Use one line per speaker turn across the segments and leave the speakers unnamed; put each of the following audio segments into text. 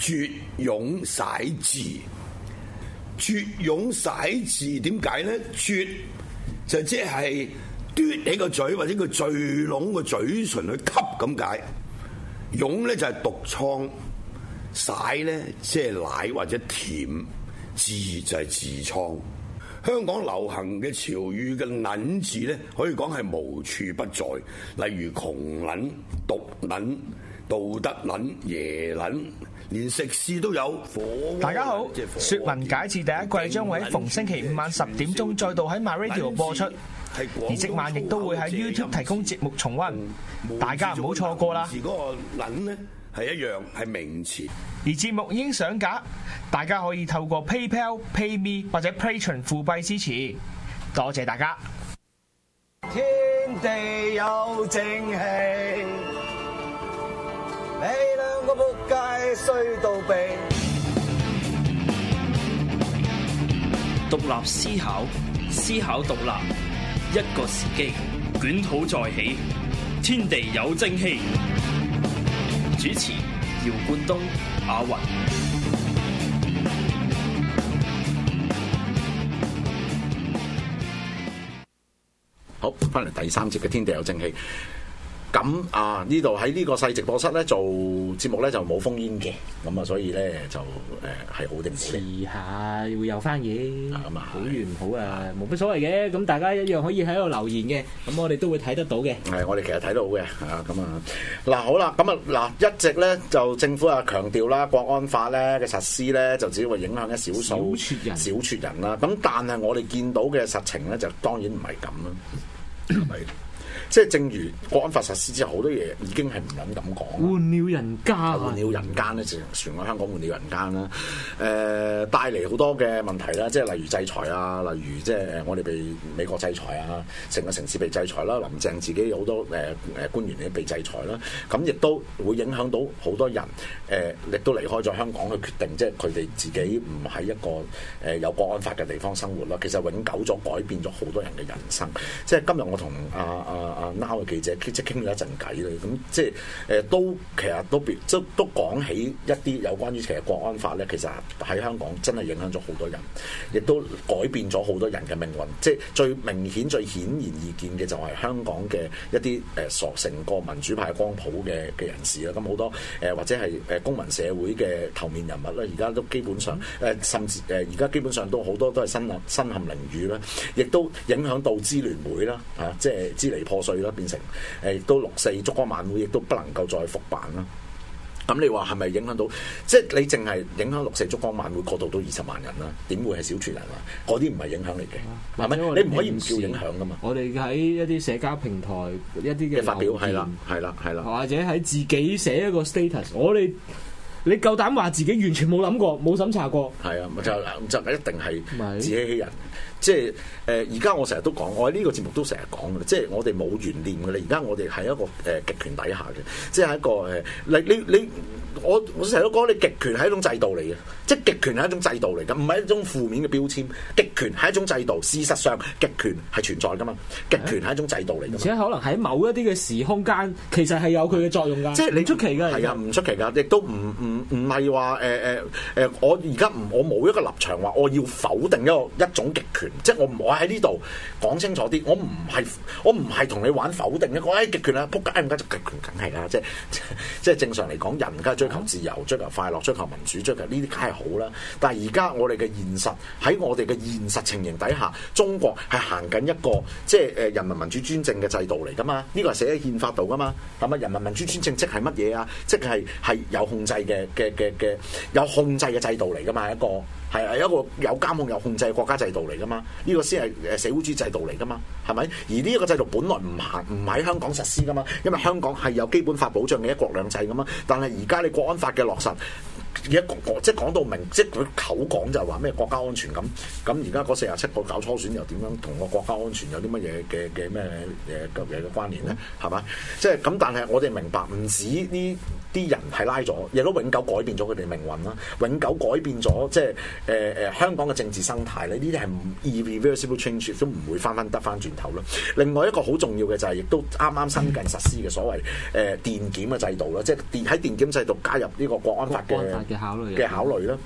絕涌使字，絕涌使字，點解咧？絕就即係嘟起個嘴或者個聚攏個嘴唇去吸咁解。涌咧就係、是、毒瘡，使咧即係奶或者甜，痔就係痔瘡。香港流行嘅潮語嘅「撚」字咧，可以講係無處不在，例如「窮撚」、「毒撚」、「道德撚」、「耶撚」。連食肆都有。大家好，《說文解字》第
一季將會喺逢星期五晚十點鐘再度喺
MyRadio 播出，而今晚亦都會喺 YouTube 提供節目重溫，大家唔好錯過啦。而嗰個「諗」呢係一樣係名詞。而節目已經上
架，大家可以透過 PayPal、PayMe 或者 Patron 付幣支持，多謝大家。
天地有正氣。個仆街衰到病，
獨立思考，思考獨立，一個時機，捲土再起，天地有正氣。主持：姚冠東阿云。
好，翻嚟第三節嘅天地有正氣。咁啊，呢度喺呢個細直播室咧做節目咧就冇封煙嘅，咁啊所以咧就係、呃、好定唔好。試下
會有翻嘢，好與唔好啊，冇乜所謂嘅。咁大家一樣可以喺度留言嘅，咁我哋都會睇得到嘅。
係，我哋其實睇到嘅嚇。咁啊嗱、啊，好啦，咁啊嗱，一直咧就政府啊強調啦，國安法咧嘅實施咧就只會影響一小數少撮人，少撮人啦。咁但係我哋見到嘅實情咧就當然唔係咁啦。係， 即係正如國安法實施之後，好多嘢已經係唔忍咁講。
換了人
間，啊，換了人間咧，就全港香港換了人間啦。誒、呃，帶嚟好多嘅問題啦，即係例如制裁啊，例如即係我哋被美國制裁啊，成個城市被制裁啦，林鄭自己有好多誒誒官員都被制裁啦，咁亦都會影響到好多人。誒、呃，亦都離開咗香港嘅決定，即係佢哋自己唔喺一個誒有國安法嘅地方生活啦。其實永久咗改變咗好多人嘅人生。即係今日我。同阿阿阿 Now 嘅記者即係傾咗一陣偈啦，咁即係誒都其實都即都講起一啲有關於其實國安法咧，其實喺香港真係影響咗好多人，亦都改變咗好多人嘅命運。即係最明顯、最顯然易見嘅就係香港嘅一啲誒傻成個民主派光譜嘅嘅人士啦。咁好多誒、呃、或者係誒公民社會嘅頭面人物咧，而家都基本上誒、呃、甚至誒而家基本上都好多都係身陷身陷囹圄啦，亦都影響到支聯會啦。啊即係支離破碎啦，變成誒，亦都六四燭光晚會亦都不能夠再復辦啦。咁你話係咪影響到？即係你淨係影響六四燭光晚會過度到到二十萬人啦，點會係小撮人啊？嗰啲唔係影響你嘅，係咪？你唔可以唔叫影響噶嘛？
我哋喺一啲社交平台一啲嘅發表係啦，
係啦，係啦，
或者喺自己寫一個 status，我哋你夠膽話自己完全冇諗過，冇審查過，
係啊，就就一定係自欺欺人。即係誒，而家我成日都講，我喺呢個節目都成日講嘅，即係我哋冇懸念嘅咧。而家我哋喺一個誒極權底下嘅，即係一個誒，你你你，我我成日都講，你極權係一種制度嚟嘅，即係極權係一種制度嚟嘅，唔係一種負面嘅標籤。極權係一種制度，事實上極權係存在噶嘛，極權係一種制度嚟嘅，係啊，而且可能喺某一啲嘅時空間，其實
係有佢嘅作用噶。即係你
出奇嘅係啊，唔出奇噶，亦都唔唔唔係話誒誒誒，我而家唔，我冇一個立場話我要否定一個一種極。權即係我唔可以喺呢度講清楚啲，我唔係我唔係同你玩否定一個、哎、極權啦、啊，仆街唔解就極權，梗係啦，即係即係正常嚟講，人梗係追求自由、追求快樂、追求民主、追求呢啲梗係好啦。但係而家我哋嘅現實喺我哋嘅現實情形底下，中國係行緊一個即係誒人民民主專政嘅制度嚟噶嘛？呢個係寫喺憲法度噶嘛？咁啊，人民民主專政即係乜嘢啊？即係係有控制嘅嘅嘅嘅有控制嘅制度嚟噶嘛？一個。係，係一個有監控、有控制的國家制度嚟噶嘛？呢、呢個先係誒社會主義制度嚟噶嘛？係咪？而呢一個制度本來唔行唔喺香港實施噶嘛？因為香港係有基本法保障嘅一國兩制噶嘛。但係而家你國安法嘅落實。而家即係講到明，即係佢口講就係話咩國家安全咁咁。而家嗰四十七個搞初選又點樣同個國家安全有啲乜嘢嘅嘅咩嘢嘅嘅關聯咧？係嘛？即係咁，但係我哋明白唔止呢啲人係拉咗，亦都永久改變咗佢哋命運啦，永久改變咗即係、呃、香港嘅政治生態咧。呢啲係 irreversible change 都唔會翻翻得翻轉頭咯。另外一個好重要嘅就係亦、是、都啱啱新近實施嘅所謂、呃、電檢嘅制度啦，即係電喺電檢制度加入呢個國安法嘅。嘅考慮嘅考慮啦，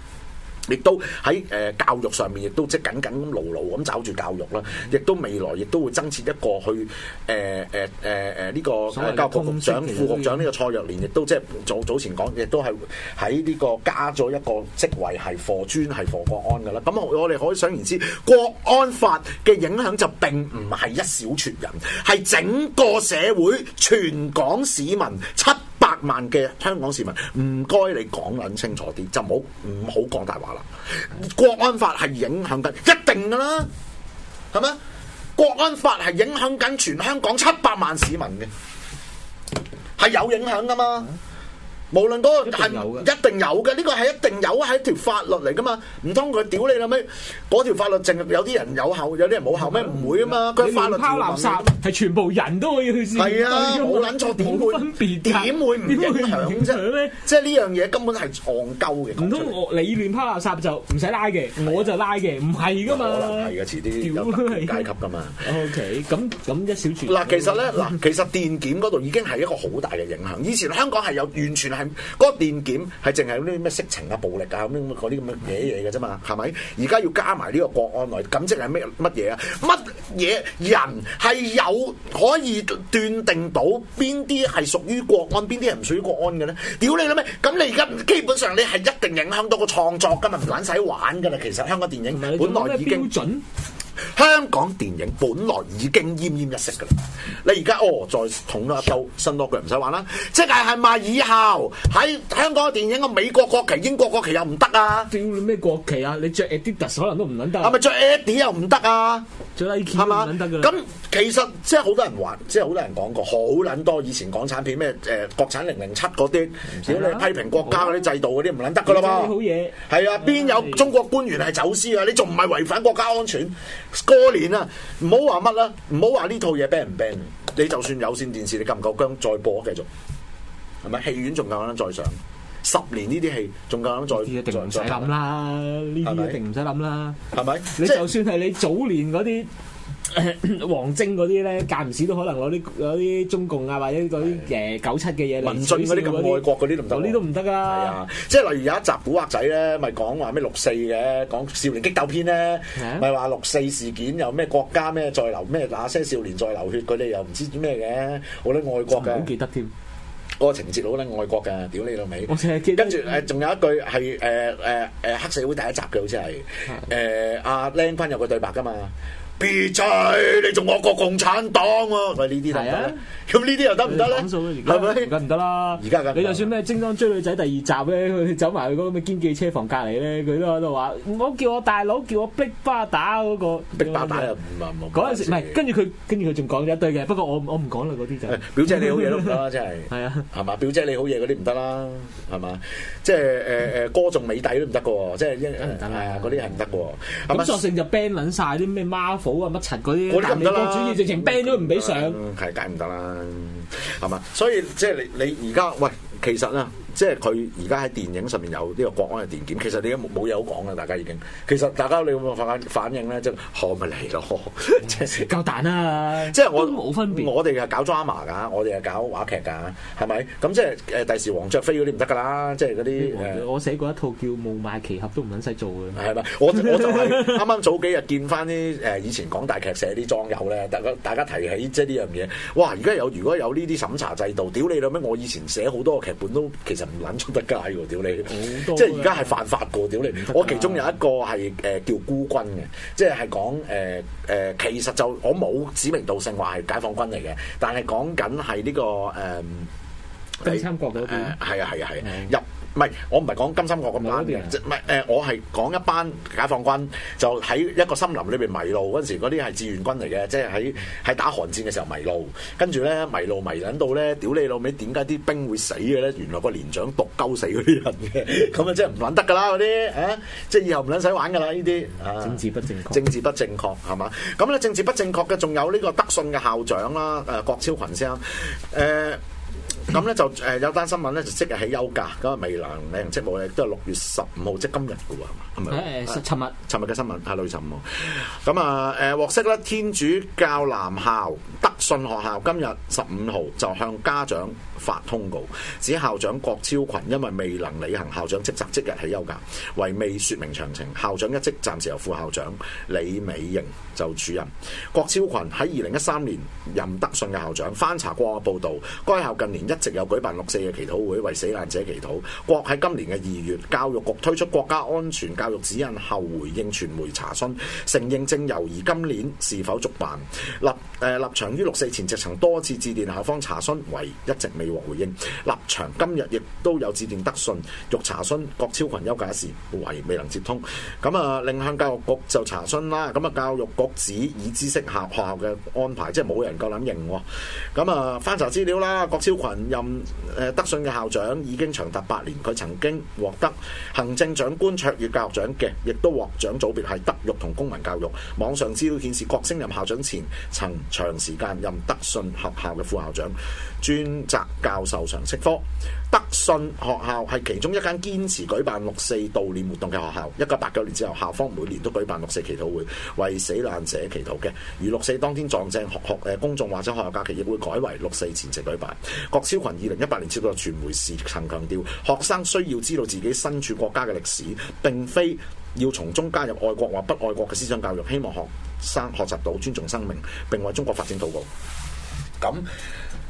亦都喺誒、呃、教育上面也，亦都即係緊緊咁牢牢咁找住教育啦，亦、嗯、都未來亦都會增設一個去誒誒誒誒呢個所謂教育局局長副局長呢個蔡若蓮，亦都即、就、係、是、早早前講，亦都係喺呢個加咗一個職位係課專係課國安㗎喇。咁我我哋可以想而知，國安法嘅影響就並唔係一小撮人，係整個社會全港市民七百萬嘅香港市民唔該，你講撚清楚啲，就唔好唔好講大話啦。國安法係影響緊，一定㗎啦，係咪？國安法係影響緊全香港七百萬市民嘅，係有影響㗎嘛？嗯無論嗰、嗰個一定有嘅，呢個係一定有，係一,一條法律嚟噶嘛。唔通佢屌你啦咩？嗰條法律淨有啲人有效，有啲人冇效咩？唔、嗯嗯、會啊嘛。佢、嗯、法律拋垃圾係全部人都可以去試。係啊，冇撚錯
點會？點會唔一樣啫？咩？即係呢樣嘢根本係錯鳩嘅。唔通我你亂拋垃圾就唔使拉嘅，我就拉嘅，唔係噶嘛？可能係嘅，遲啲階
級㗎嘛。OK，咁咁一小撮。嗱，其實咧，嗱， 其實電檢嗰度已經係一個好大嘅影響。以前香港係有完全係。嗰、那個電檢係淨係嗰啲咩色情啊、暴力啊、咁嗰啲咁嘅嘢嘢嘅啫嘛，係咪？而家要加埋呢個國安來，咁即係咩乜嘢啊？乜嘢人係有可以斷定到邊啲係屬於國安，邊啲係唔屬於國安嘅咧？屌你老味？咁你而家基本上你係一定影響到個創作噶嘛，唔撚使玩噶啦，其實香港電影本來已經。香港電影本來已經奄奄一息噶啦，你而家哦再捅多一刀，新多個唔使玩啦。即係係咪以後喺香港嘅電影，嘅美國國旗、英國國旗又唔得啊？屌你咩國旗啊？你着 Adidas 可能都唔撚得。係咪着 Adidas 又唔得啊？着 Nike 係嘛？咁其實即係好多人話，即係好多人講過，好撚多以前港產片咩誒、呃、國產零零七嗰啲，如果你批評國家嗰啲制度嗰啲，唔撚得噶啦嘛。好嘢。係啊，邊有中國官員係走私啊？你仲唔係違反國家安全？過年啊，唔好話乜啦，唔好話呢套嘢 ban 唔 ban，你就算有線電視，你夠唔夠姜再播繼續，係咪？戲院仲夠膽再上？十年呢啲戲仲夠膽再再諗
啦，呢啲一定唔使諗啦，係咪？你就算係你早年嗰啲。 王 晶嗰啲咧，間唔時都可能攞啲啲中共啊，或者嗰啲誒九
七嘅嘢嚟。民進嗰啲咁愛國嗰啲，嗰啲都唔得啊！啊即係例如有一集古惑仔咧，咪講話咩六四嘅，講少年激鬥篇咧，咪話六四事件又咩國家咩再流咩那些少年再流血嗰啲，佢哋又唔知咩嘅，好撚愛國嘅。好記得添，嗰個情節好撚愛國㗎，屌你老味。跟住誒，仲、呃、有一句係誒誒誒黑社會第一集嘅，好似係誒阿靚坤有個對白㗎嘛。別趣，你仲惡過共產黨喎？喂，呢啲係啊？咁呢啲、啊、又得唔得啦？
係咪唔得啦？而家、啊啊、你就算咩《精裝追女仔》第二集咧，佢 走埋去嗰個咩堅記車房隔籬咧，佢都喺度話：我叫我大佬，叫我逼巴打嗰、那個逼巴打、那個。嗰、嗯、陣時唔係，跟住佢跟住佢仲講咗一堆嘅，不過我我唔講啦，嗰啲就表姐你好嘢都唔得啦，真
係係啊，係嘛？表姐你好嘢嗰啲唔得啦，係 嘛？即係誒誒，歌頌美帝都唔得噶，即係一係啊，嗰啲係唔得噶。咁索、啊嗯啊
嗯、性就 ban 捻晒啲咩 Marvel。好啊乜柒嗰啲，我哋唔得咯，主義直
情 ban 都唔俾上，係解唔得啦，係嘛？所以即係、就是、你你而家喂，其實啊。即係佢而家喺電影上面有呢個國安嘅電檢，其實你而家冇有嘢好講嘅，大家已經。其實大家你有冇反反應咧、就是嗯，即係可咪嚟咯，即係夠膽啦！即係我都冇分別。我哋係搞 drama 噶，我哋係搞話劇噶，係、嗯、咪？咁即係誒第時黃雀飛嗰啲唔得㗎啦！即係嗰啲
我寫過一套叫《霧霾奇俠》，都唔撚使做嘅。
係咪？我 我就係啱啱早幾日見翻啲誒以前港大劇社啲莊友咧，大家大家提起即係呢樣嘢，哇！而家有如果有呢啲審查制度，屌你啦咩？我以前寫好多個劇本都其實。唔捻出得街喎！屌 你樂，即係而家係犯法噶，屌你！我其中有一個係誒叫孤軍嘅，即係講誒誒，其實就我冇指名道姓話係解放軍嚟嘅，但係講緊係呢個誒。呃金三角嗰邊，係啊係啊係啊入，唔係我唔係講金三角咁樣，唔係誒我係講一班解放軍就喺一個森林裏邊迷路嗰時，嗰啲係志願軍嚟嘅，即係喺喺打寒戰嘅時候迷路，跟住咧迷路迷緊到咧，屌你老味，點解啲兵會死嘅咧？原來個連長毒鳩死嗰啲人嘅，咁啊即係唔撚得㗎啦嗰啲啊，即係以後唔撚使玩㗎啦呢啲。政治不正確，政治不正確係嘛？咁咧政治不正確嘅仲有呢個德信嘅校長啦，誒郭超群先，誒。咁咧 就誒有單新聞咧就即日起休假咁，就是，啊，未來領職務咧都係六月十五號即今日嘅喎，係嘛誒，尋日尋日嘅新聞係類似咁啊。誒，獲悉咧天主教南校德信學校今日十五號就向家長發通告指校長郭超群因為未能履行校長職責，即日起休假，為未說明詳情。校長一職暫時由副校長李美瑩就主任。郭超群喺二零一三年任德信嘅校長，翻查過報道，該校近年一直有舉辦六四嘅祈禱會，為死難者祈禱。郭喺今年嘅二月，教育局推出國家安全教育指引後，回應傳媒查詢，承認正猶疑今年是否續辦，立誒呃、立場於六四前夕曾多次致電校方查詢，為一直未。回應立場，今日亦都有致電德信，欲查詢郭超群休假一事，懷疑未能接通。咁啊，另向教育局就查詢啦。咁啊，教育局指以知識學校嘅安排，即係冇人夠膽認。咁啊，翻查資料啦，郭超群任誒德信嘅校長已經長達八年。佢曾經獲得行政長官卓越教育獎嘅，亦都獲獎組別係德育同公民教育。網上資料顯示，郭升任校長前曾長時間任德信學校嘅副校長，專責。教授常識科，德信學校係其中一間堅持舉辦六四悼念活動嘅學校。一九八九年之後，校方每年都舉辦六四祈禱會，為死難者祈禱嘅。如六四當天撞正學學誒公眾或者學校假期，亦會改為六四前夕舉辦。郭超群二零一八年接受傳媒時曾強調，學生需要知道自己身處國家嘅歷史，並非要從中加入愛國或不愛國嘅思想教育。希望學生學習到尊重生命，並為中國發展禱告。咁。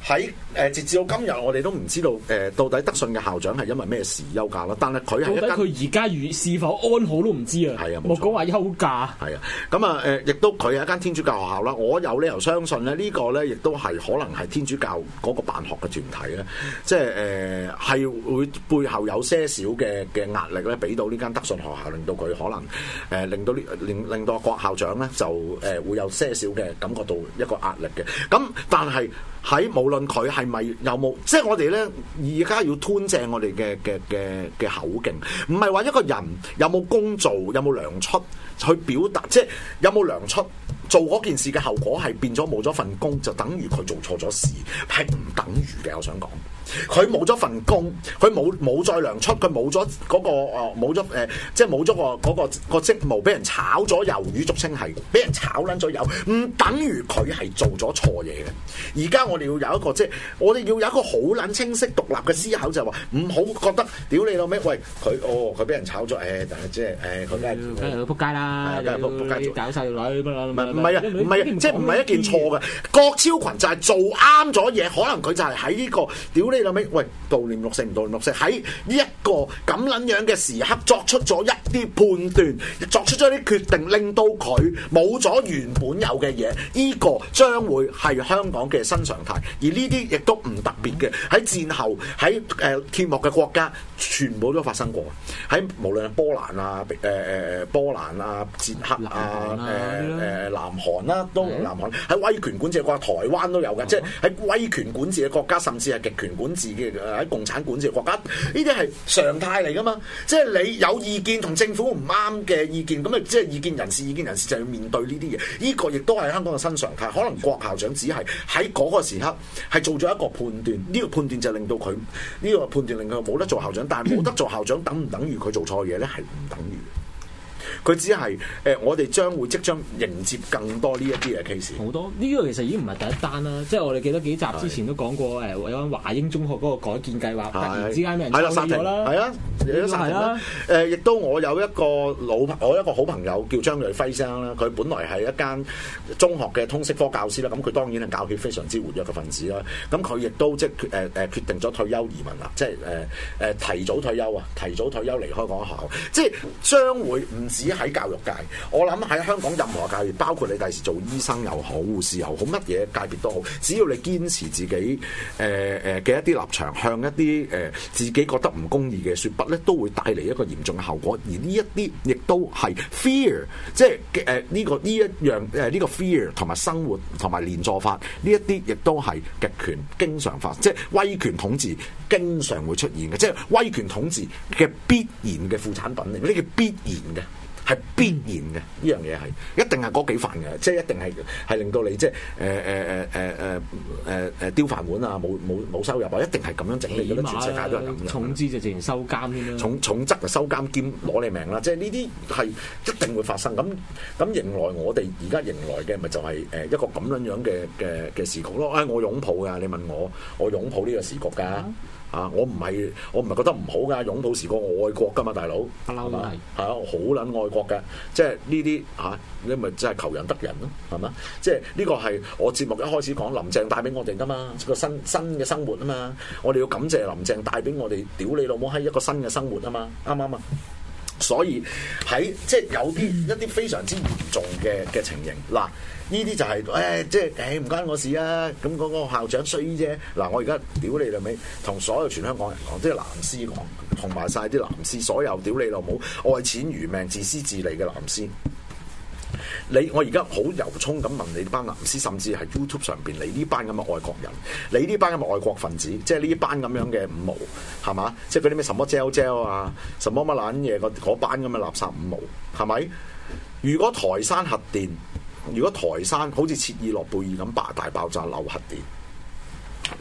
喺誒直至到今日，我哋都唔知道誒到底德信嘅校長係因為咩事休假咯。但係佢係，到底佢而家是否安好都唔知啊。係啊，冇講話休假。係啊，咁啊誒，亦都佢係一間天主教學校啦。我有理由相信咧，呢個咧亦都係可能係天主教嗰個辦學嘅團體咧，即係誒係會背後有些少嘅嘅壓力咧，俾到呢間德信學校，令到佢可能誒令到呢令令到郭校長咧就誒會有些少嘅感覺到一個壓力嘅。咁但係喺無論佢係咪有冇，即係我哋咧，而家要端正我哋嘅嘅嘅嘅口徑，唔係話一個人有冇工做，有冇糧出去表達，即係有冇糧出。做嗰件事嘅後果係變咗冇咗份工，就等於佢做錯咗事，係唔等於嘅，我想講。佢冇咗份工，佢冇冇再量出，佢冇咗嗰個冇咗誒，即係冇咗個嗰個個職務俾人炒咗，魷魚俗稱係俾人炒撚咗魷，唔等於佢係做咗錯嘢嘅。而家我哋要有一個即係，我哋要有一個好撚清晰獨立嘅思考，就係話唔好覺得屌你老味，喂佢哦佢俾人炒咗，誒、哎、但係即係誒佢梗係去撲街啦，梗係去撲街搞曬條女，唔係唔係啊唔係啊，即係唔係一件錯嘅。郭超群就係做啱咗嘢，可能佢就係喺呢個屌你。有咩？喂，悼念六四唔悼念六四，喺呢一個咁撚樣嘅時刻作出咗一啲判斷，作出咗一啲決定，令到佢冇咗原本有嘅嘢，呢、呢個將會係香港嘅新常態，而呢啲亦都唔特別嘅，喺戰後，喺誒鐵幕嘅國家，全部都發生過，喺無論係波蘭啊，誒、呃、誒波蘭啊、捷克啊、誒誒南韓、啊、啦、東、呃、南韓、啊，喺、嗯、威權管治嘅國家台灣都有嘅、嗯，即係喺威權管治嘅國家，甚至係極權管。管。管治嘅喺共產管治嘅國家，呢啲係常態嚟噶嘛？即係你有意見同政府唔啱嘅意見，咁啊即係意見人士、意見人士就要面對呢啲嘢。呢、這個亦都係香港嘅新常態。可能郭校長只係喺嗰個時刻係做咗一個判斷，呢、這個判斷就令到佢呢、這個判斷令佢冇得做校長，但係冇得做校長，等唔等於佢做錯嘢呢？係唔等於。佢只係誒、呃，我哋將會即將迎接更多呢一啲嘅 case。好多
呢、這個其實已經唔係第一單啦，即係我哋記得幾集之前都講過誒、呃，有間華英中學嗰
個改建計劃突然之間俾人阻止咗啦。係啦，暫停啦。係啊，有啲暫停啦。誒，亦、呃、都我有一個老我一個好朋友叫張瑞輝先生啦，佢本來係一間中學嘅通識科教師啦，咁佢當然係教協非常之活躍嘅分子啦。咁佢亦都即誒誒決、呃呃、決定咗退休移民啦，即係誒誒提早退休啊，提早退休離開嗰校，即係將會唔只喺教育界，我諗喺香港任何界別，包括你第時做醫生又好，護士又好，乜嘢界別都好，只要你堅持自己，誒誒嘅一啲立場，向一啲誒自己覺得唔公義嘅說不咧，都會帶嚟一個嚴重嘅後果。而呢一啲亦都係 fear，即係誒呢個呢一樣誒呢個 fear 同埋生活同埋連坐法呢一啲，亦都係極權經常發，即係威權統治經常會出現嘅，即係威權統治嘅必然嘅副產品嚟，呢個必然嘅。係必然嘅，呢樣嘢係一定係嗰幾範嘅，即係一定係係令到你即係誒誒誒誒誒誒誒丟飯碗啊，冇冇冇收入啊，一定係咁樣整嚟嘅，啊、全世界都係咁嘅。重資就自然收監先啦，重重則就收監兼攞你命啦，即係呢啲係一定會發生。咁咁迎來我哋而家迎來嘅咪就係誒一個咁樣樣嘅嘅嘅時局咯。唉、哎，我擁抱㗎，你問我，我擁抱呢個時局㗎。啊啊！我唔係我唔係覺得唔好噶，擁抱時個愛國噶嘛，大佬不嬲都係係啊，好撚愛國嘅，即係呢啲嚇，你咪即係求人得人咯，係嘛？即係呢個係我節目一開始講林鄭帶俾我哋噶嘛，個新新嘅生活啊嘛，我哋要感謝林鄭帶俾我哋屌你老母閪一個新嘅生活啊嘛，啱唔啱啊？所以喺即係有啲一啲非常之嚴重嘅嘅情形，嗱呢啲就係、是、誒、哎、即係誒唔關我事啊！咁嗰個校長衰啫。嗱我而家屌你老味，同所有全香港人講，啲藍絲講，同埋晒啲藍絲，所有屌你老母愛錢如命、自私自利嘅藍絲。你我而家好由衷咁問你班藍絲，甚至係 YouTube 上邊你呢班咁嘅外國人，你呢班咁嘅外國分子，即係呢班咁樣嘅五毛，係嘛？即係嗰啲咩什麼 gel gel 啊，什麼乜撚嘢嗰班咁嘅垃圾五毛，係咪？如果台山核電，如果台山好似切爾諾貝爾咁爆大爆炸漏核電，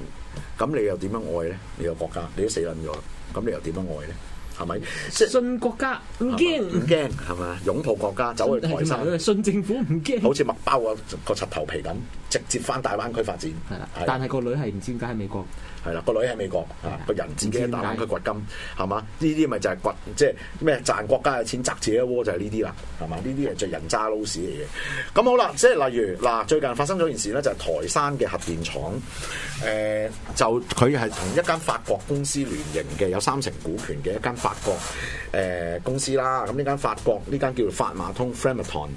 咁你又點樣愛呢？你個國家你都死撚咗啦，咁你又點樣愛呢？係咪、就係、信國家唔驚？唔驚係嘛？擁抱國家走去台山，係咪信政府唔驚。好似麥包啊、嗰個，嗰個插頭皮咁，直接翻大灣區發展。係啦，但
係個女係唔知點解喺美國。
係啦，個女喺美國，個人自己打啖佢掘金，係嘛？呢啲咪就係掘即係咩賺國家嘅錢，執自己一鍋就係呢啲啦，係嘛？呢啲係最人渣撈屎嚟嘅。咁好啦，即係例如嗱，最近發生咗件事咧，就係、是、台山嘅核電廠，誒、呃、就佢係同一間法國公司聯營嘅，有三成股權嘅一間法國誒、呃、公司啦。咁呢間法國呢間叫做法馬通 Framatome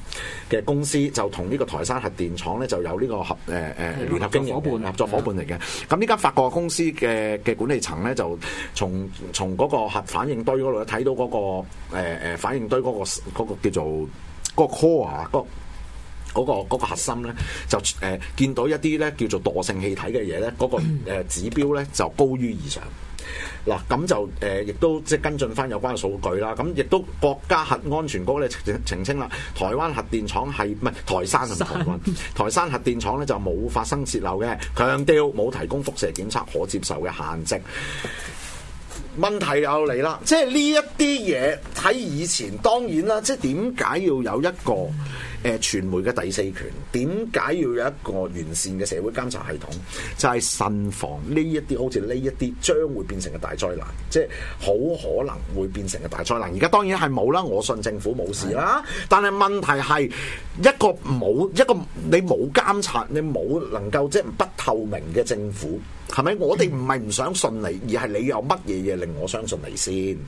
嘅公司，就同呢個台山核電廠咧就有呢個合誒誒、呃、聯合經營嘅合作伙伴嚟嘅。咁呢間法國公司司嘅嘅管理層咧，就從從嗰個核反應堆嗰度咧睇到嗰、那個誒、呃、反應堆嗰、那個嗰、那個叫做嗰、那個 core 啊、那個嗰、嗰個嗰個核心呢，就誒、呃、見到一啲呢叫做惰性氣體嘅嘢呢，嗰、嗰個指標呢就高於以上。嗱咁就亦、呃、都即係跟進翻有關嘅數據啦。咁亦都國家核安全局呢澄清啦，台灣核電廠係唔係台山核電廠？台， 台山核電廠呢就冇發生泄漏嘅，強調冇提供輻射檢測可接受嘅限值。問題又嚟啦，即係呢一啲嘢睇以前當然啦，即係點解要有一個？誒，傳媒嘅第四權，點解要有一個完善嘅社會監察系統？就係慎防呢一啲，好似呢一啲將會變成個大災難，即係好可能會變成個大災難。而家當然係冇啦，我信政府冇事啦。但係問題係一個冇一個你冇監察，你冇能夠即係不透明嘅政府，係咪？我哋唔係唔想信你，而係你有乜嘢嘢令我相信你先？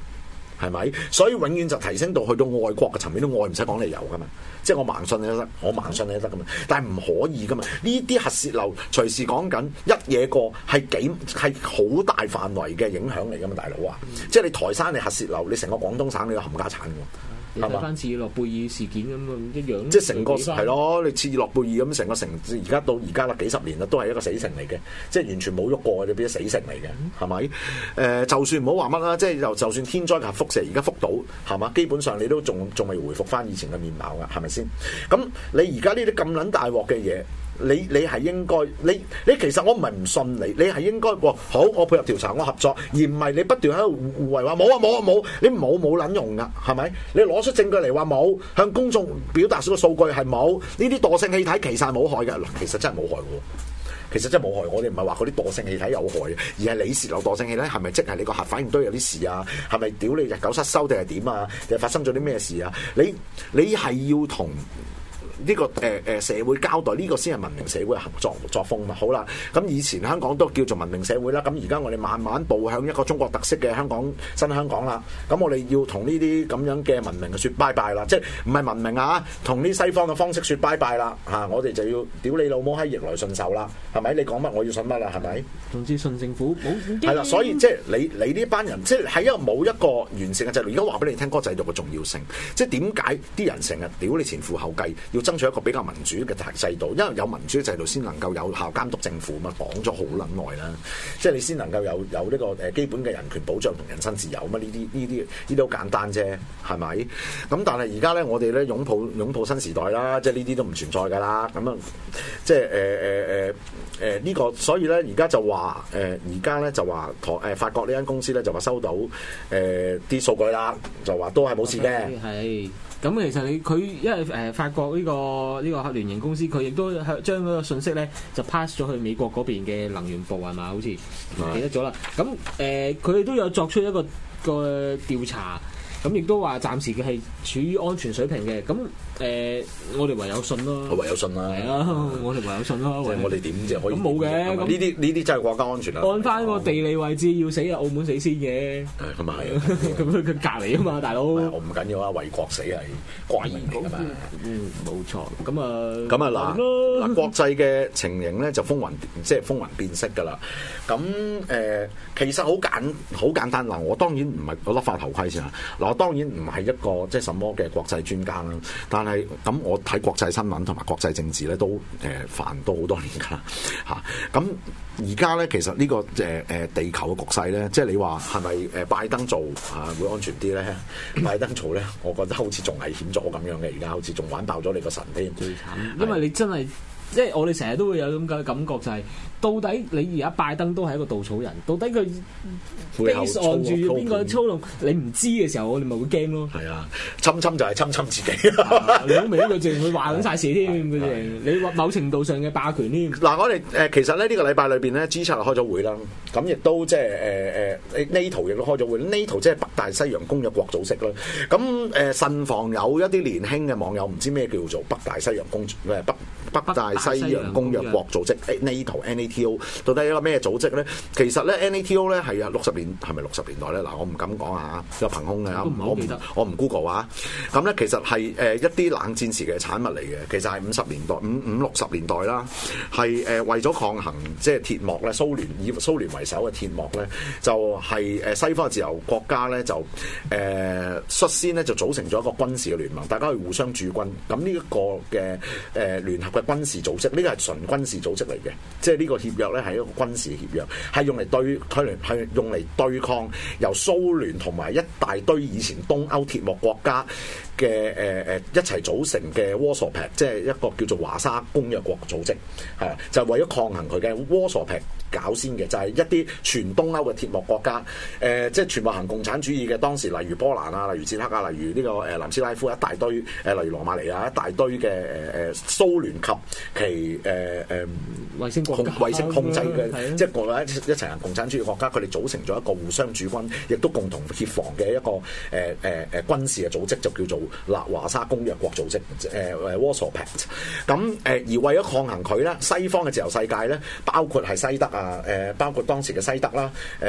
係咪？所以永遠就提升到去到外國嘅層面，都愛唔使講理由噶嘛。即係我盲信你都得，我盲信你都得噶嘛。但係唔可以噶嘛。呢啲核泄漏隨時講緊一嘢過，係幾係好大範圍嘅影響嚟噶嘛，大佬啊！即係你台山你核泄漏，你成個廣東省你都冚家產喎。係嘛？
切爾諾貝爾事件咁啊，一樣。即係成個係
咯，你切爾諾貝爾咁，成個城市，而家到而家啦，幾十年啦，都係一個死城嚟嘅。即係完全冇喐過，你變咗死城嚟嘅，係、嗯、咪？誒、呃，就算唔好話乜啦，即係又就，就算天災及輻射，而家福島係嘛？基本上你都仲仲未回復翻以前嘅面貌㗎，係咪先？咁你而家呢啲咁撚大鑊嘅嘢？你你係應該，你你其實我唔係唔信你，你係應該喎。好，我配合調查，我合作，而唔係你不斷喺度互為話冇啊冇啊冇，你冇冇撚用噶，係咪？你攞出證據嚟話冇，向公眾表達咗個數據係冇，呢啲惰性氣體其實係冇害嘅。嗱，其實真係冇害喎。其實真係冇害我，我哋唔係話嗰啲惰性氣體有害嘅，而係你泄漏惰性氣體呢，係咪即係你個核反應堆有啲事啊？係咪屌你日久失修定係點啊？又發生咗啲咩事啊？你你係要同。呢、呢個社會交代呢、呢個先係文明社會嘅作作風嘛，好啦，咁以前香港都叫做文明社會啦，咁而家我哋慢慢步向一個中國特色嘅香港新香港啦，咁我哋要同呢啲咁樣嘅文明説 b 拜拜啦，即係唔係文明啊？同啲西方嘅方式說拜拜啦，啊、我哋就要屌你老母喺逆來順受啦，係咪？你講乜我要信乜啦，係咪？
總之信政府，係啦，所以
即係你你呢班人，即係喺一個冇一個完善嘅制度，而家話俾你聽嗰個制度嘅重要性，即係點解啲人成日屌你前赴後繼要？爭取一個比較民主嘅制度，因為有民主嘅制度先能夠有效監督政府嘛，嘛講咗好撚耐啦。即係你先能夠有有呢個誒基本嘅人權保障同人身自由嘛，咁啊呢啲呢啲呢啲好簡單啫，係咪？咁但係而家咧，我哋咧擁抱擁抱新時代啦，即係呢啲都唔存在噶啦。咁啊，即係誒誒誒誒呢個，所以咧而家就話誒，而家咧就話台誒法國呢間公司咧就話收到誒啲、呃、數據啦，就話都係冇事嘅。係、okay,
yes. 咁其實你佢因為法國呢、呢個呢、呢個聯營公司，佢亦都將嗰個信息咧就 pass 咗去美國嗰邊嘅能源部係嘛？好似記得咗啦。咁誒佢都有作出一個一個調查，咁亦都話暫時佢係處於安全水平嘅。咁誒、欸，我哋唯有信咯，我唯有
信啦，啊，係啊，我哋唯有信咯，啊，即我哋點即可以咁冇嘅，呢啲呢啲真係國家安全啦。
按翻個地理位置，要死啊，澳門死先
嘅，
係同咁佢隔籬啊嘛，大佬。我
唔緊要啊，為國死係光榮嘅嘛，冇錯，
咁啊，咁啊嗱嗱，國
際嘅情形咧就風雲即係風雲變色噶啦。咁誒、啊，其實好簡好簡單嗱、啊，我當然唔係我笠翻頭盔先啦，嗱我當然唔係一個即係、就是、什麼嘅國際專家啦，但係咁，我睇國際新聞同埋國際政治咧，都誒煩到好多年噶啦嚇。咁而家咧，其實呢個誒誒地球嘅局勢咧，即係你話係咪誒拜登做嚇會安全啲咧？ 拜登做咧，我覺得好似仲危險咗咁樣嘅。而家好似仲玩爆咗你個神添，最慘，因
為你真係即係我哋成日都會有咁嘅感覺就係、是。到底你而家拜登都係一個稻草人，到底佢 base 按住邊個操弄、嗯，你唔知嘅時候，我哋咪會驚咯。係啊，侵侵就係侵侵自己，兩面佢仲會話緊晒事添。佢哋、啊啊、你某程度上
嘅霸權添。嗱、啊啊啊啊，我哋誒、呃，其實咧呢、這個禮拜裏邊咧，G7 開咗會啦，咁亦都即係誒誒 NATO 亦都開咗會 NATO 即係北大西洋公約國組織啦。咁誒、呃，慎防有一啲年輕嘅網友唔知咩叫做北大西洋公誒北北,北大西洋公約國組織,國組織 NATO, NATO。NATO 到底一個咩組織咧？其實咧，NATO 咧係啊六十年係咪六十年代咧？嗱，我唔敢講啊，有憑空嘅，我唔得，我唔 Google 啊。咁咧，其實係誒一啲冷戰時嘅產物嚟嘅。其實係五十年代五五六十年代啦，係誒為咗抗衡即係鐵幕咧，蘇聯以蘇聯為首嘅鐵幕咧，就係、係、誒西方自由國家咧就誒、呃、率先咧就組成咗一個軍事嘅聯盟，大家去互相駐軍。咁呢一個嘅誒聯合嘅軍事組織，呢、呢個係純軍事組織嚟嘅，即係呢、呢個。協約咧係一個軍事協約，係用嚟對佢嚟，係用嚟對抗由蘇聯同埋一大堆以前東歐鐵幕國家嘅誒誒一齊組成嘅 Warsaw Pact，即係一個叫做華沙公約國組織，係、啊、就係、是、為咗抗衡佢嘅 Warsaw Pact 搞先嘅，就係、是、一啲全東歐嘅鐵幕國家，誒、呃、即係全部行共產主義嘅當時，例如波蘭啊，例如捷克啊，例如呢個誒南斯拉夫，一大堆誒，例如羅馬尼亞，一大堆嘅誒誒蘇聯及其誒誒、呃、衛星國家、衛星控制嘅、啊啊，即係個個一齊行共產主義國家，佢哋組成咗一個互相主軍，亦都共同協防嘅一個誒誒誒軍事嘅組織，就叫做。嗱，華沙公約國組織，誒誒 Warsaw Pact。咁誒，而為咗抗衡佢咧，西方嘅自由世界咧，包括係西德啊，誒，包括當時嘅西德啦，誒誒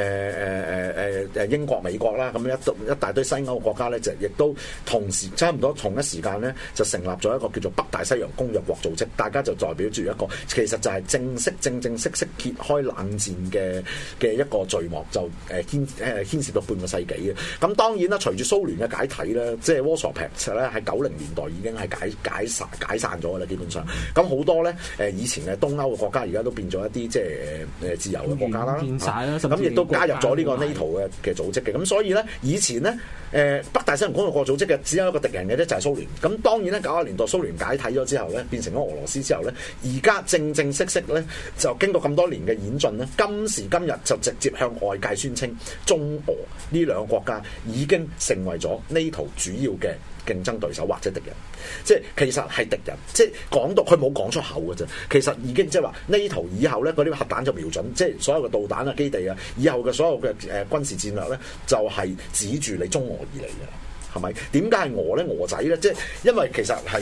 誒誒，誒英國、美國啦，咁一一大堆西歐國家咧，就亦都同時差唔多同一時間咧，就成立咗一個叫做北大西洋公約國組織，大家就代表住一個，其實就係正式正正式式撇開冷戰嘅嘅一個序幕，就誒牽誒牽涉到半個世紀嘅。咁當然啦，隨住蘇聯嘅解體咧，即係 Warsaw Pact 其實咧喺九零年代已經係解解，解散解散咗嘅啦，基本上咁好多咧誒以前嘅東歐嘅國家，而家都變咗一啲即係誒自由嘅國家啦。變曬啦！咁亦都加入咗呢個 NATO 嘅嘅組織嘅。咁所以咧，以前咧誒、呃啊嗯呃、北大西洋公約國組織嘅只有一個敵人嘅咧，就係、是、蘇聯。咁當然咧，九十年代蘇聯解體咗之後咧，變成咗俄羅斯之後咧，而家正正式式咧就經過咁多年嘅演進咧，今時今日就直接向外界宣稱，中俄呢兩個國家已經成為咗 NATO 主要嘅。競爭對手或者敵人，即係其實係敵人，即係講到佢冇講出口嘅啫。其實已經即係話呢頭以後咧，嗰啲核彈就瞄準，即係所有嘅導彈啊、基地啊，以後嘅所有嘅誒、呃、軍事戰略咧，就係、是、指住你中俄而嚟嘅，係咪？點解係俄咧？俄仔咧？即係因為其實係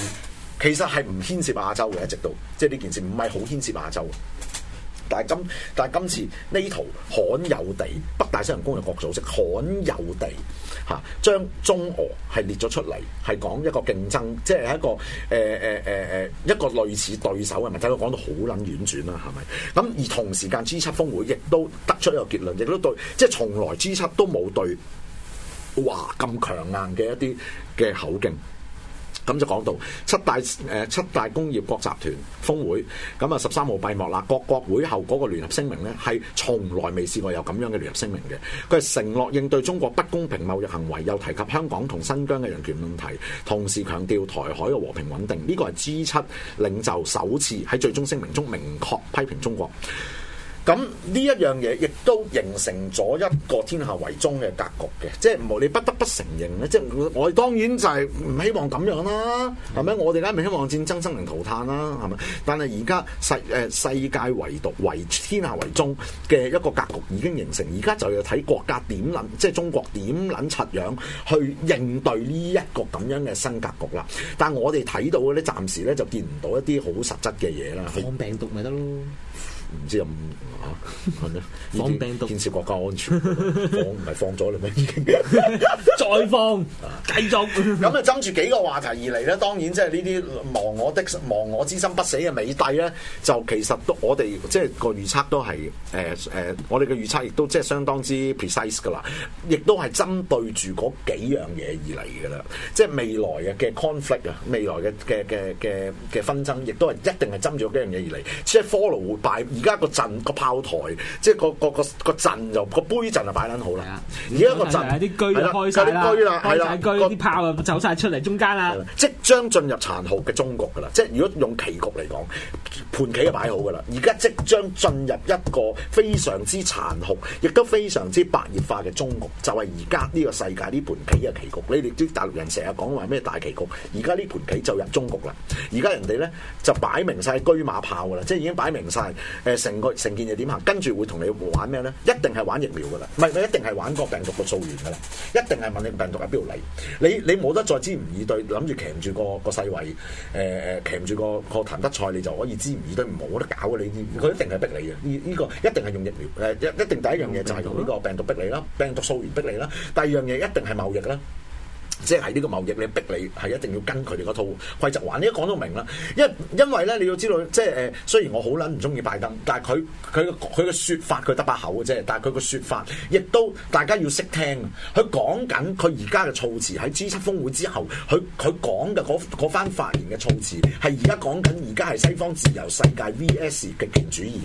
其實係唔牽涉亞洲嘅，一直都，即係呢件事唔係好牽涉亞洲。但係今但係今次呢，圖罕有地北大西洋公約組織罕有地嚇、啊，將中俄係列咗出嚟，係講一個競爭，即係一個誒誒誒誒一個類似對手嘅問題，係咪？佢講到好撚婉轉啦、啊，係咪？咁而同時間 G 七峰會亦都得出一個結論，亦都對，即係從來 G 七都冇對哇咁強硬嘅一啲嘅口徑。咁就講到七大、呃、七大工業國集團峰會，咁啊十三號閉幕啦。各國會後嗰個聯合聲明呢，係從來未試過有咁樣嘅聯合聲明嘅。佢係承諾應對中國不公平貿易行為，又提及香港同新疆嘅人權問題，同時強調台海嘅和平穩定。呢個係 G7 領袖首次喺最終聲明中明確批評中國。咁呢一樣嘢亦都形成咗一個天下為中嘅格局嘅，即係冇你不得不承認咧，即係我當然就係唔希望咁樣啦、啊，係咪？我哋咧唔希望戰爭生靈塗炭啦、啊，係咪？但係而家世世界唯獨為天下為中嘅一個格局已經形成，而家就要睇國家點諗，即係中國點諗插樣去應對呢一個咁樣嘅新格局啦。但我哋睇到咧，暫時咧就見唔到一啲好實質嘅嘢啦。抗病毒咪得咯。唔知咁嚇係咩？放病毒牽涉國家安全，我唔係放咗你咩？已經 再放，繼續咁啊！針 住幾個話題而嚟咧，當然即係呢啲忘我的忘我的之心不死嘅美帝咧，就其實都我哋即係個預測都係誒誒，我哋嘅預測亦都即係相當之 precise 噶啦，亦都係針對住嗰幾樣嘢而嚟噶啦，即係未來嘅嘅 conflict 啊，未來嘅嘅嘅嘅嘅紛爭，亦都係一定係針對嗰幾樣嘢而嚟，即係 follow by。而家個陣個炮台，即係、個個個、個陣就個杯陣就擺撚好啦。而家個陣係啲車開曬啦，係啦，了了了車啦，啲炮就走晒出嚟中間啦。即將進入殘酷嘅中局㗎啦。即係如果用棋局嚟講，盤棋就擺好㗎啦。而家即將進入一個非常之殘酷，亦都非常之白熱化嘅中局，就係而家呢個世界呢、呢個、盤棋嘅棋局。你哋啲大陸人成日講話咩大棋局，而家呢盤棋就入中局啦。而家人哋咧就擺明晒車馬炮㗎啦，即係已經擺明晒。誒成個成件嘢點行，跟住會同你玩咩咧？一定係玩疫苗噶啦，唔係唔一定係玩個病毒個溯源噶啦，一定係問你嘅病毒喺邊度嚟。你你冇得再知唔以對，諗住騎住個個世衛，誒、呃、誒騎住個個譚德賽，你就可以知唔以對，冇得搞啊！你佢一定係逼你嘅，呢依、這個一定係用疫苗，誒、呃、一一定第一樣嘢就係用呢個病毒逼你啦、啊，病毒溯源逼你啦，第二樣嘢一定係貿易啦。即係呢個貿易，你逼你係一定要跟佢哋嗰套規則玩。你一講都明啦，因為因為咧，你要知道，即係誒雖然我好捻唔中意拜登，但係佢佢佢嘅說法，佢得把口嘅啫。但係佢個說法也，亦都大家要識聽，佢講緊佢而家嘅措辭，喺 G7 峰會之後佢佢講嘅嗰嗰番發言嘅措辭係而家講緊而家係西方自由世界 VS 極權主義，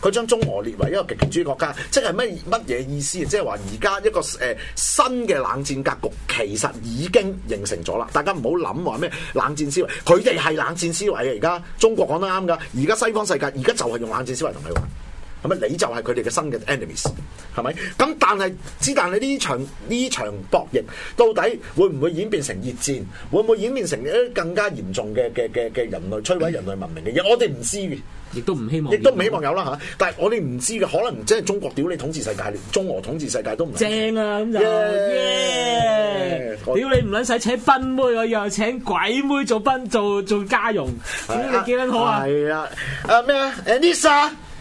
佢將中俄列為一個極權主義國家，即係乜乜嘢意思？即係話而家一個誒、呃、新嘅冷戰格局，其實。已經形成咗啦，大家唔好諗話咩冷戰思維，佢哋係冷戰思維啊！而家中國講得啱㗎，而家西方世界而家就係用冷戰思維同你玩。咁啊，你就係佢哋嘅新嘅 enemies，係咪？咁但係只但係呢場呢場博弈，到底會唔會演變成熱戰？會唔會演變成一更加嚴重嘅嘅嘅嘅人類摧毀人類文明嘅嘢？我哋唔知嘅，亦都唔希望，亦都唔希望有啦嚇。但係我哋唔知嘅，可能即係中國屌你統治世界，中俄統治世界都唔正啊！咁就 yeah, yeah, yeah, yeah，屌你唔撚使請賓
妹，我又請鬼妹做賓做做家傭，uh, 你幾撚好啊？係啊，
誒咩啊 Anissa。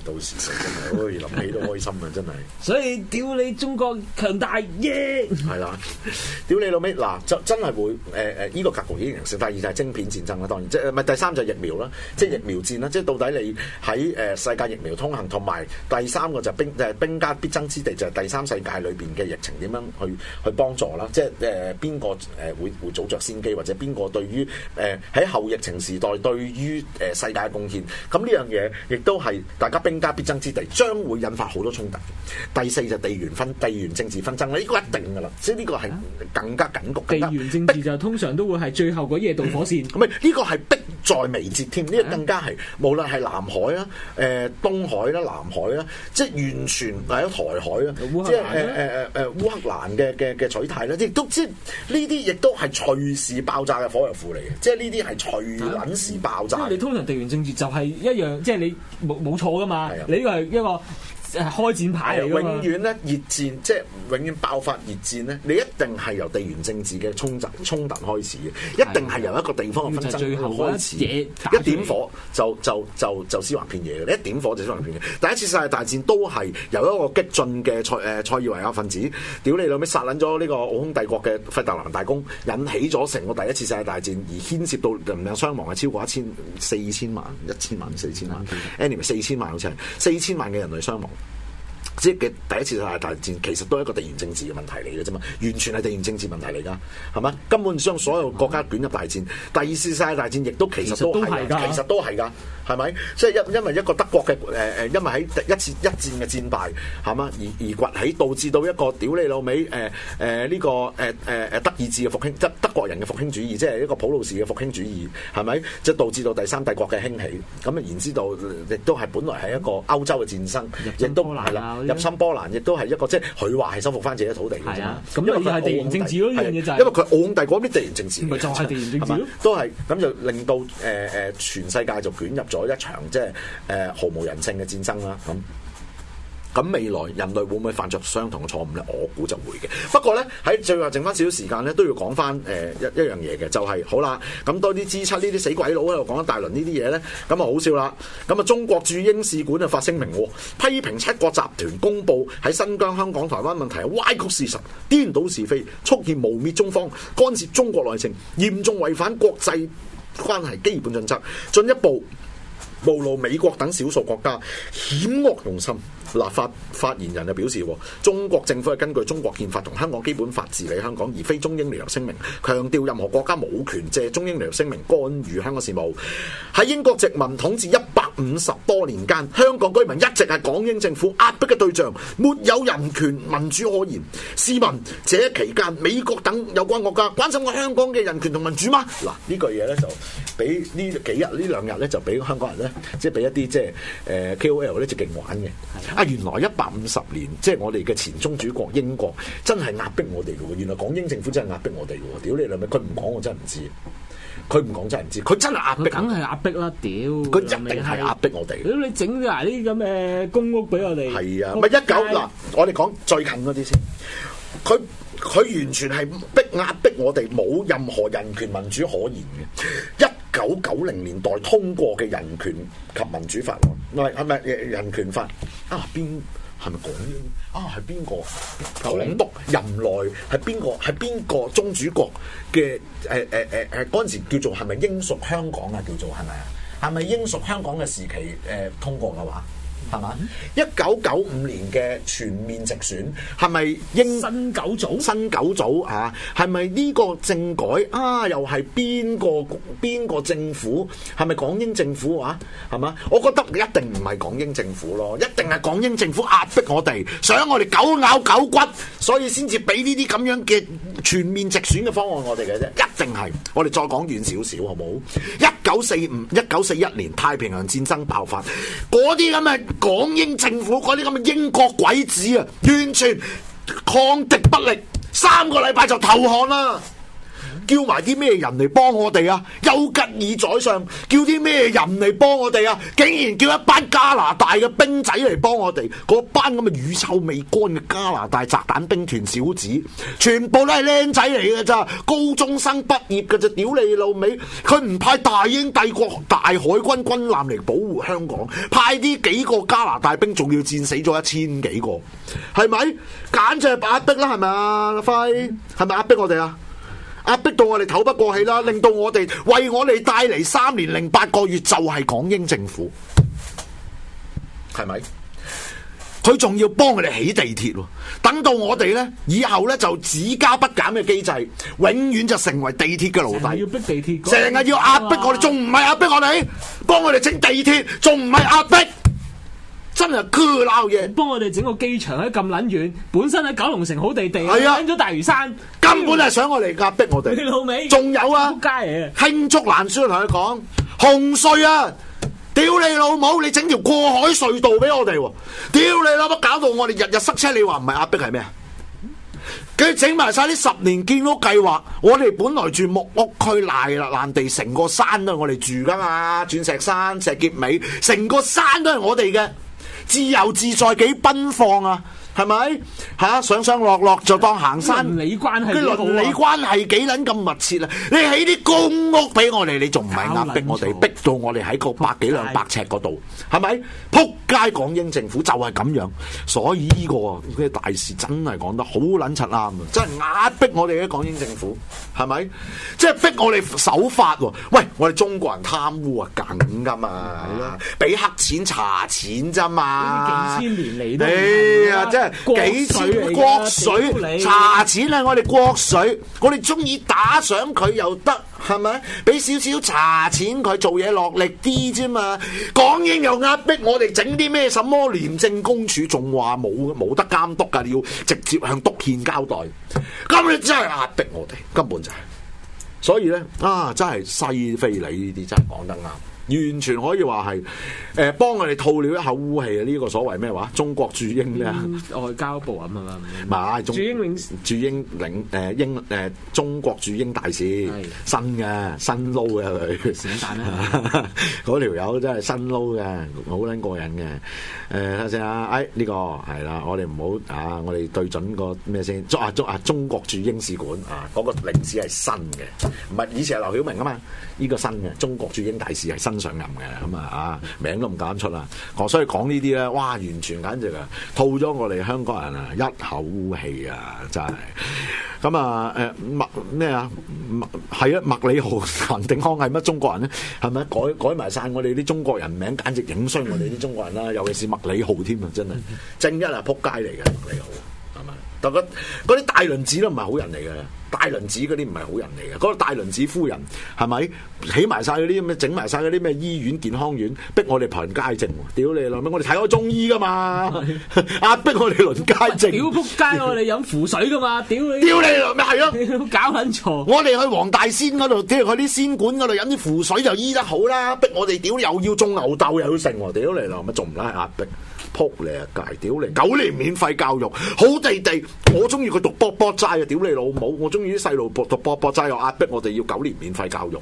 到時食真係，我諗起都開心啊！真係， 所以屌你中國強大耶！係、yeah! 啦，屌你老味。嗱，就真係會誒誒，依、呃這個格局已經形成。第二就係晶片戰爭啦，當然即係唔係第三就係疫苗啦，即係疫苗戰啦、嗯。即係到底你喺誒、呃、世界疫苗通行，同埋第三個就係兵誒兵家必爭之地，就係、是、第三世界裏邊嘅疫情點樣去去幫助啦？即係誒邊個誒會會早著先機，或者邊個對於誒喺、呃、後疫情時代對於誒、呃、世界嘅貢獻？咁呢樣嘢亦都係大家。兵家必爭之地，將會引發好多衝突。第四就地緣分、地緣政治紛爭咧，呢、呢個一定噶啦，即係呢個係更加緊急嘅。地緣政治就通常都會係最後嗰夜導火線。咁係呢個係迫在眉睫添，呢個更加係無論係南海啦、誒、呃、東海啦、南海啦，即係完全係喺台海啦，即係誒誒誒誒烏克蘭嘅嘅嘅取態啦，即係都知呢啲亦都係隨時爆炸嘅火藥庫嚟嘅，即係呢啲係隨時爆炸。你、
啊、通常地緣政治就係一樣，即係你冇冇錯噶嘛？你呢個係一個。
開展牌，永遠咧熱戰，即係永遠爆發熱戰咧，你一定係由地緣政治嘅衝突衝突開始嘅，一定係由一個地方嘅紛爭開始，的最後的開始，一點火就就就就屍橫遍野嘅，你一點火就屍橫遍野。 第一次世界大戰都係由一個激進嘅塞誒塞爾維亞分子，屌你老味殺捻咗呢個奧匈帝國嘅費特蘭大公，引起咗成個第一次世界大戰，而牽涉到人命傷亡係超過一千四千萬、一千萬、四千萬 ，anyway 四千萬好似係四千萬嘅人類傷亡。即嘅第一次世界大戰，其實都係一個地緣政治嘅問題嚟嘅啫嘛，完全係地緣政治問題嚟噶，係嘛？根本將所有國家捲入大戰。第二次世界大戰亦都其實都係，其實都係㗎、啊，係咪？即係因因為一個德國嘅誒誒，因為喺第一次一戰嘅戰敗，係嘛？而而崛起導致到一個屌你老味，誒誒呢個誒誒誒德意志嘅復興，德德國人嘅復興主義，即係一個普魯士嘅復興主義，係咪？就導致到第三帝國嘅興起。咁啊，然之後亦都係本來係一個歐洲嘅戰爭，亦、啊、都係啦。是入侵波蘭亦都係一個即係佢話係收復翻自己嘅土地嘅啫、啊，因為係地緣政治咯、一樣，嘢就係因為佢奧匈帝國邊地緣政治，咪就係地緣政治 都係，咁就令到、呃、全世界就捲入咗一場即係、就是呃、毫無人性嘅戰爭啦咁。嗯咁未來人類會唔會犯着相同嘅錯誤呢？我估就會嘅。不過呢，喺最後剩翻少少時間咧，都要講翻誒、呃、一一樣嘢嘅，就係、是、好啦。咁多啲 G7 呢啲死鬼佬喺度講一大輪呢啲嘢呢，咁啊好笑啦。咁啊，中國駐英使館就發聲明、哦，批評七國集團公佈喺新疆、香港、台灣問題歪曲事實、顛倒是非、蓄意污蔑中方、干涉中國內政、嚴重違反國際關係基本準則，進一步暴露美國等少數國家險惡用心。立法發言人就表示，中國政府係根據《中國憲法》同《香港基本法》治理香港，而非《中英聯合聲明》。強調任何國家冇權借《中英聯合聲明》干預香港事務。喺英國殖民統治一百五十多年間，香港居民一直係港英政府壓迫嘅對象，沒有人權民主可言。市民，這期間美國等有關國家關心過香港嘅人權同民主嗎？嗱，呢句嘢呢，就俾呢幾日呢兩日呢，就俾香港人呢，即係俾一啲即係誒 KOL 呢，直勁玩嘅。原來一百五十年，即係我哋嘅前宗主國英國，真係壓迫我哋嘅。原來港英政府真係壓迫我哋。屌你係咪？佢唔講我真係唔知道，佢唔講真係唔知道，佢真係壓迫，梗係壓迫啦。屌，佢一定係壓迫我哋。你整啲呢啲咁嘅公屋俾我哋？係啊，唔係一九嗱，我哋講最近嗰啲先。佢佢完全係逼壓迫我哋，冇任何人權民主可言嘅。一九九零年代通過嘅人權及民主法案。唔係係咪人權法啊？邊係咪講啊？係邊個？港獨任內係邊個？係邊個宗主國嘅誒誒誒誒？嗰、啊、陣、啊啊啊、時叫做係咪英屬香港啊？叫做係咪啊？係咪英屬香港嘅時期誒、啊、通過嘅話？係嘛？一九九五年嘅全面直選係咪英新九組？新九組啊，係咪呢個政改啊？又係邊個邊個政府？係咪港英政府啊？係嘛？我覺得一定唔係港英政府咯，一定係港英政府壓迫我哋，想我哋狗咬狗骨，所以先至俾呢啲咁樣嘅全面直選嘅方案我哋嘅啫。一定係，我哋再講遠少少好冇？一九四五、一九四一年太平洋戰爭爆發嗰啲咁嘅。港英政府嗰啲咁嘅英國鬼子啊，完全抗敵不力，三個禮拜就投降啦。叫埋啲咩人嚟幫我哋啊？丘吉爾宰相叫啲咩人嚟幫我哋啊？竟然叫一班加拿大嘅兵仔嚟幫我哋，嗰班咁嘅乳臭未乾嘅加拿大擲彈兵團小子，全部都係僆仔嚟嘅咋？高中生畢業嘅咋？屌你老味，佢唔派大英帝國大海軍軍艦嚟保護香港，派啲幾個加拿大兵，仲要戰死咗一千幾個，係咪？簡直係壓逼啦，係咪啊？阿輝係咪壓逼我哋啊？壓迫到我哋唞不過氣啦，令到我哋為我哋帶嚟三年零八個月就係港英政府，係咪？佢仲要幫佢哋起地鐵，等到我哋呢以後呢就只加不減嘅機制，永遠就成為地鐵嘅奴隸，要逼地鐵，成日要壓迫我哋，仲唔係壓迫我哋？幫佢哋整地鐵，仲唔係壓迫？真係黐撈嘢，幫我
哋整個機場喺咁撚遠，本身喺九龍城好地地，係啊，搶咗大嶼山，根本係
想我哋壓迫我哋。你老味，仲有啊，仆街，罄竹難書，同佢講紅隧啊，屌你老母，你整條過海隧道俾我哋喎，屌你老母，搞到我哋日日塞車，你話唔係壓迫係咩啊？佢整埋晒啲十年建屋計劃，我哋本來住木屋區爛爛地，成個山都係我哋住噶嘛，鑽石山、石硤尾，成個山都係我哋嘅。自由自在幾奔放啊！係咪吓上上落落就當行山？佢倫理關係幾捻咁密切啊！你起啲公屋俾我哋，你仲唔係壓逼我哋，逼我哋逼到我哋喺個百幾兩百尺嗰度，係咪？扑街！港英政府就係咁樣，所以呢個呢個大事真係講得好捻柒啱啊！真係壓逼我哋嘅港英政府，係咪？即、就、係、是、逼我哋守法、啊。喂，我哋中國人貪污啊，梗噶嘛？俾、啊、黑錢查錢咋嘛？幾千年嚟都係啦、啊。水幾錢？國水？茶錢咧，我哋國水，我哋中意打賞佢又得，係咪？俾少少茶錢佢做嘢落力啲啫嘛。港英又壓迫我哋，整啲咩什麼廉政公署，仲話冇冇得監督噶，你要直接向督憲交代。咁你真係壓迫我哋，根本就係、就是。所以咧，啊，真係西非你呢啲真係講得啱。完全可以話係誒幫我哋吐了一口烏氣啊！呢個所謂咩話？中國駐英咧、
嗯，外交部啊嘛
唔係駐英領駐英領誒英誒、呃呃、中國駐英大使，新嘅新撈嘅佢。醒嗰 條友真係新撈嘅，好撚過癮嘅。誒睇下先啊！誒呢個係啦，我哋唔好啊！我哋對準個咩先？捉下捉下，中國駐英使館啊！嗰個領事係新嘅，唔係以前係劉曉明啊嘛。呢個新嘅中國駐英大使係新嘅。上任嘅咁啊啊名都唔敢出啦，我所以講呢啲咧，哇完全簡直啊，吐咗我哋香港人啊一口氣啊真係，咁、嗯、啊誒麥咩啊麥係啊麥理浩，彭定康係乜中國人咧，係咪改改埋晒我哋啲中國人名，簡直影衰我哋啲中國人啦，尤其是麥理浩添啊，真係正一係扑街嚟嘅麥理浩。係咪？就嗰啲大輪子都唔係好人嚟嘅，大輪子嗰啲唔係好人嚟嘅，嗰個大輪子夫人係咪起埋晒嗰啲咁嘅，整埋晒嗰啲咩醫院健康院，逼我哋貧街症，屌你老味，我哋睇開中醫㗎嘛？壓迫我哋貧街症，屌撲街！我哋飲符水㗎嘛？屌你！屌你老味係咯，搞緊錯。我哋去黃大仙嗰度，屌去啲仙館嗰度飲啲符水就醫得好啦，逼我哋屌又要種牛痘又要成，屌你老味仲唔拉壓迫。扑你啊界！屌你！九年免費教育，好地地，我中意佢讀卜卜齋啊！屌你老母，我中意啲細路讀讀卜卜齋又壓迫我哋要九年免費教育，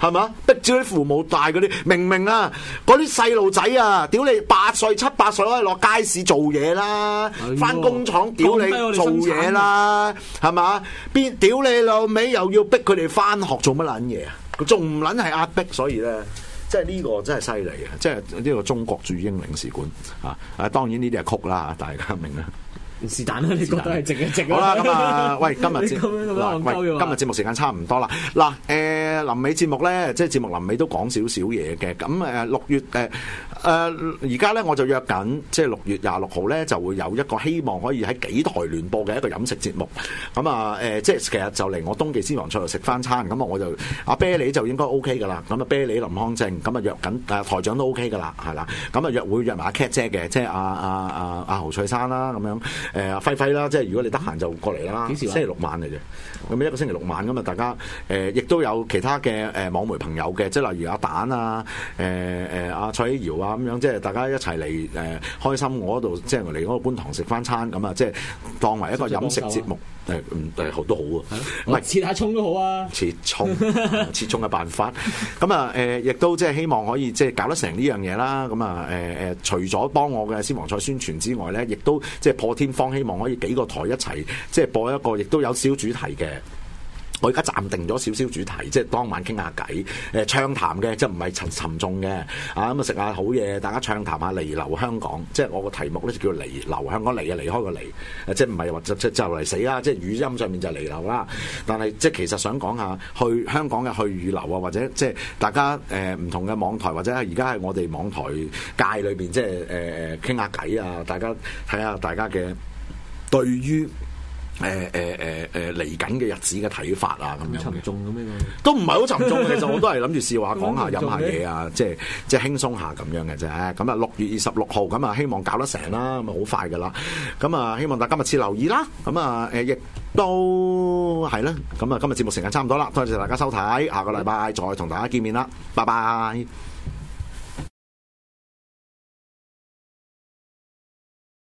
係咪？逼住啲父母大嗰啲，明明啊，嗰啲細路仔啊，屌你八歲、七八歲可以落街市做嘢啦，翻工廠屌你做嘢啦，係咪？邊屌你老味又要逼佢哋翻學做乜撚嘢啊？仲唔撚係壓迫，所以咧。即係呢個真係犀利啊，即係呢個中國駐英領事館啊！啊，當然呢啲係曲啦，大家明啦。是但啦，你覺得係值嘅值好啦，咁啊，喂，今日節，今日節目時間差唔多啦。嗱、 呃，誒，臨尾節目咧，即係節目臨尾都講少少嘢嘅。咁誒，六月誒而家咧我就約緊，即係六月廿六號咧就會有一個希望可以喺幾台聯播嘅一個飲食節目。咁啊、呃、即係其實就嚟我東記私房菜度食翻餐。咁啊，我就阿啤梨就應該 OK 噶啦。咁啊，啤梨林康正咁啊，約緊台長都 OK 噶啦，係啦。咁啊，啊，約會約埋阿 cat 姐嘅，即係阿啊啊阿侯、啊啊、翠珊啦、啊，咁樣。阿輝輝啦，即係如果你得閒就過嚟啦，幾時啊？星期六晚嚟嘅，咁一個星期六晚咁啊，大家誒亦、呃、都有其他嘅誒、呃、網媒朋友嘅，即係例如阿蛋啊，誒誒阿蔡曉啊咁樣，即係大家一齊嚟誒開心我嗰度，即係嚟嗰個觀塘食翻餐咁啊，即係當為一個飲食節目，誒好、啊嗯、都好啊，唔、啊、切下蔥都好啊，切蔥、呃，切蔥嘅辦法，咁啊誒亦都即係希望可以即係搞得成呢樣嘢啦，咁啊誒誒，除咗幫我嘅先黃菜宣傳之外咧，亦都即係破天。當希望可以幾個台一齊，即係播一個亦都有少主題嘅。我而家暫定咗少少主題，即係當晚傾下偈，誒暢談嘅，即係唔係沉沉重嘅。啊，咁啊食下好嘢，大家暢談下離留香港。即係我個題目咧就叫離留香港，離啊離開個離，即係唔係話就就嚟死啦。即係語音上面就離留啦。但係即係其實想講下，去香港嘅去與留啊，或者即係大家誒唔、呃、同嘅網台，或者而家係我哋網台界裏邊，即係誒傾下偈啊，大家睇下大家嘅，對於誒誒誒誒嚟緊嘅日子嘅睇法啊，咁樣沉重咁咩？都唔係好沉重的。 其實我都係諗住笑話講下飲下嘢啊，即係即係輕鬆下咁樣嘅啫。咁啊，六月二十六號咁啊，希望搞得成啦，咁啊好快噶啦。咁啊，希望大家密切留意啦。咁啊，誒亦都係啦。咁啊，今日節目時間差唔多啦，多謝大家收睇，下個禮拜再同大家見面啦，拜拜。